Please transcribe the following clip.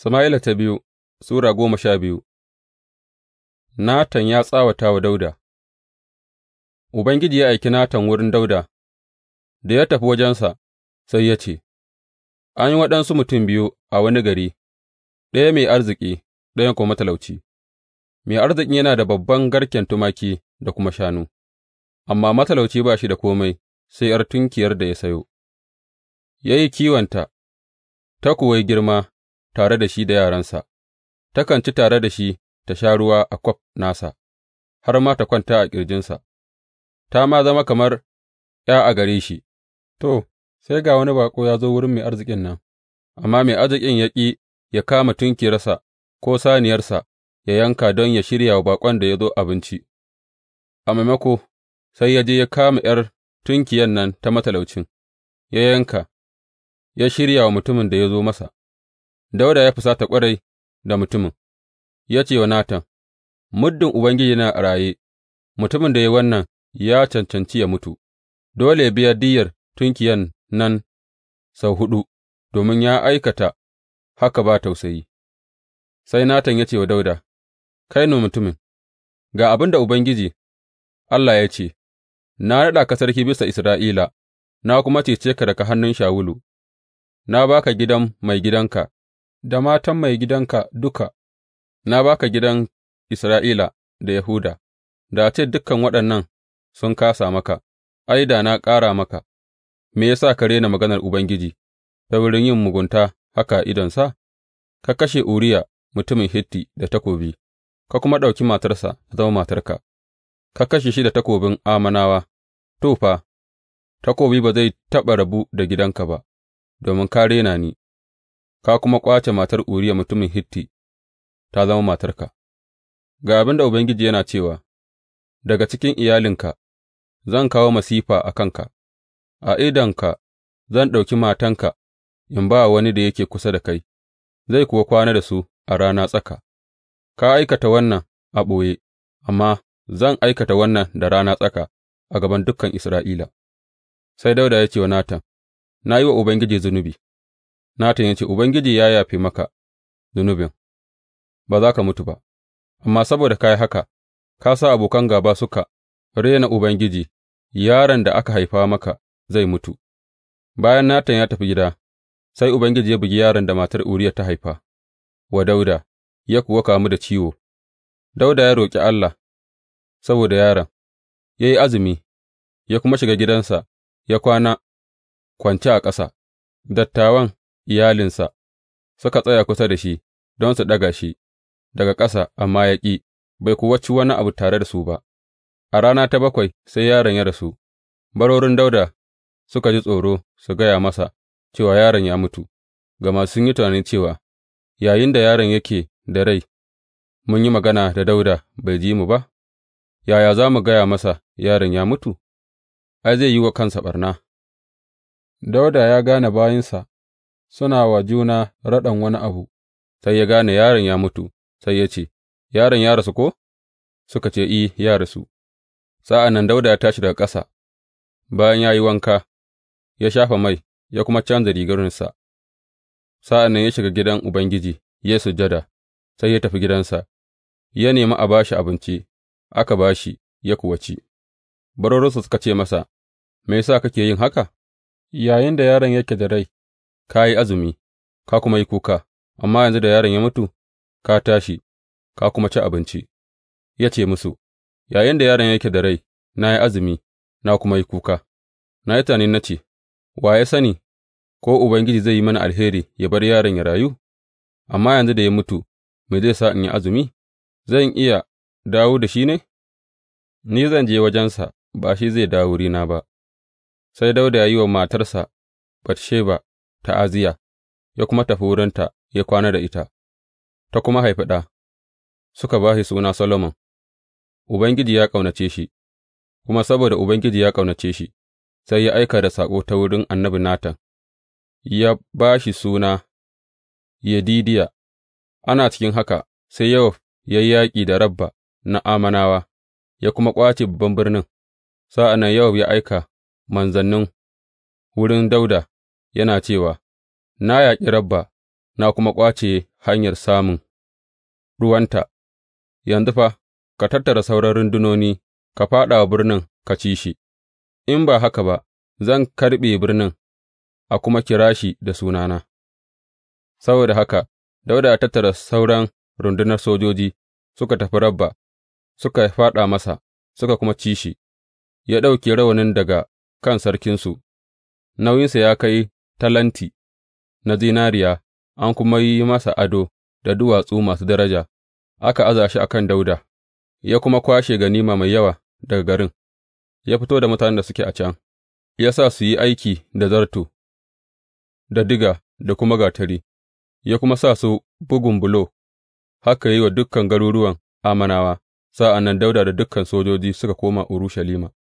Sama'ila ta biyu Sura goma sha biyu Natan ya tsawata wa Dauda Ubangiji ya aiki Natan wurin Dauda, da ya tafi wajensa, sai ya ce, An yi waɗansu mutum biyu a wani gari, ɗaya mai arziki, ɗaya kuma matalauci, mai arzikin yana da babban garken tumaki da kuma shanu, amma matalauci ba shi da komai, sai ’yar tunkiyar da ya sayo, ya yi kiwonta, ta kuwa yi girma tare da shi da yaransa, takan ci tare da shi ta sha ruwa a kwaf nasa, har ma ta kwanta a ƙirjinsa, ta ma zama kamar ’ya a gare shi, to, sai ga wani baƙo ya zo wurin mai arzikin nan, amma mai arzikin ya ƙi ya kama tunkiyarsa ko saniyarsa ya yanka don ya shirya wa baƙon da ya zo abinci, a maimako sai ya je ya kama ’yar tunkiyan nan ta matalaucin, ya yanka, ya shirya wa mutumin da ya zo masa. Dawuda ya fusata ƙwarai da mutumin, ya ce wa Natan, Muddin Ubangiji yana a raye, mutumin da ya yi wannan ya cancanci ya mutu, dole ya biya diyyar tunkiyan nan sau huɗu, domin ya aikata haka ba tausayi. Sai Natan ya ce wa Dawuda, Kai ne mutumin, ga abin da Ubangiji Allah ya ce, Na naɗa ka sarki bisa Isra'ila, na kuma cece ka daga hannun Shawulu, na baka gidan mai gidanka. da matan maigidanka duka, na ba ka gidan Isra'ila da Yahuda, da a ce dukan waɗannan sun kāsa maka, ai, da na ƙara maka, me ya sa ka rena maganar Ubangiji ta wurin yin mugunta haka idonsa? Ka kashe Uriya mutumin Hitti da takobi, ka kuma ɗauki matarsa ta zama matarka, ka kashe shi da takobin Amanawa? Tofa. takobi ba zai taɓa rabu da gidanka ba, domin ka rena ni. ka kuma ƙwace matar Uriya mutumin Hitti ta zama matarka, ga abin da Ubangiji yana cewa, Daga cikin iyalinka zan kawo masifa a kanka, a idonka zan ɗauki matanka in ba wani da yake kusa da kai, zai kuwa kwana da su a rana tsaka, ka aikata wannan a ɓoye, amma zan aikata wannan da rana tsaka a gaban dukan Isra'ila. Sai Dauda ya ce wa Natan, Na yi wa Ubangiji zunubi. Natan ya ce, Ubangiji ya yafe maka zunubin, ba za ka mutu ba, amma saboda ka yi haka, ka sa abokan gaba suka rena Ubangiji, yaron da aka haifa maka zai mutu. Bayan Natan ya tafi gida, sai Ubangiji ya bugi yaron da matar Uriya ta haifa wa Dauda, ya kuwa kamu da ciwo. Dauda ya roƙi Allah saboda yaron, ya yi azumi, ya kuma shiga gidansa, ya kwana kwance a ƙasa. Dattawan iyalinsa suka tsaya kusa da shi don su ɗaga shi daga ƙasa, amma ya ƙi, bai kuwa ci wani abu tare da su ba. A rana ta bakwai sai yaron ya rasu, barorin Dauda suka ji tsoro su gaya masa cewa yaron ya mutu, gama sun yi tunanin cewa, yayin da yaron yake da rai, mun yi magana da Dauda bai ji mu ba, yaya za mu gaya masa yaron ya mutu? Ai, zai yi wa kansa ɓarna. Dauda ya gane bayinsa suna wa juna raɗan wani abu, sai ya gane yaron ya mutu, sai ya ce, Yaron ya rasu ko? Suka ce, I, ya rasu. Sa'an nan Dauda ya tashi daga ƙasa, bayan ya yi wanka, ya shafa mai, ya kuma canza rigarinsa. Sa'an nan ya shiga gidan Ubangiji, ya sujada, sai ya tafi gidansa, ya nemi a ba shi abinci, aka ba shi, ya kuwa ci. Barorinsa suka ce masa, Me ya sa kake yin haka? Yayin da yaron yake da rai, ka yi azumi, ka kuma yi kuka, amma yanzu da yaron ya mutu, ka tashi, ka kuma ci abinci. Ya ce musu, Yayinda yaron yake da rai, na yi azumi, na kuma yi kuka, na yi tunani na ce, Wa ya sani, ko Ubangiji zai yi mana alheri ya bar yaron ya rayu? Amma yanzu da ya mutu, me zai sa in yi azumi? Zan iya dawo da shi ne? Ni zan je wajensa, ba shi zai dawo wurina ba. Sai Dauda ya yi wa matarsa Batsheba ta'aziyya, ya kuma tafi wurinta ya kwana da ita, ta kuma haifi ɗa, suka ba shi suna Solomon, Ubangiji ya ƙaunace shi, kuma saboda Ubangiji ya ƙaunace shi, sai ya aika da saƙo ta wurin annabi Natan, ya ba shi suna Yedidiya, ana cikin haka sai Yowab ya yi yaƙi da Rabba na amanawa, ya kuma ƙwace babban birnin, sa'an nan ya aika manzannin wurin Dauda. yana cewa, Na yaƙi Rabba, na kuma ƙwace hanyar samun ruwanta, yanzu fa, ka tattara sauran rundunoni, ka fāɗa wa birnin ka ci shi, in ba haka ba, zan karɓe birnin a kuma kira shi da sunana. Saboda haka, Dawuda ya tattara sauran rundunar sojoji suka tafi Rabba, suka fāɗa masa, suka kuma ci shi, ya ɗauke rawanin daga kan sarkinsu, nauyinsa ya kai talenti na zinariya, an kuma yi masa ado da duwatsu masu daraja, aka aza shi a kan Dawuda, ya kuma kwashe ganima mai yawa daga garin, ya fito da mutanen da suke a can, ya sa su yi aiki da zarto, da diga, da kuma gatari, ya kuma sa su bugun bulo, haka yi wa dukkan garuruwan amanawa, sa'an nan Dauda da dukkan sojoji suka koma Urushalima.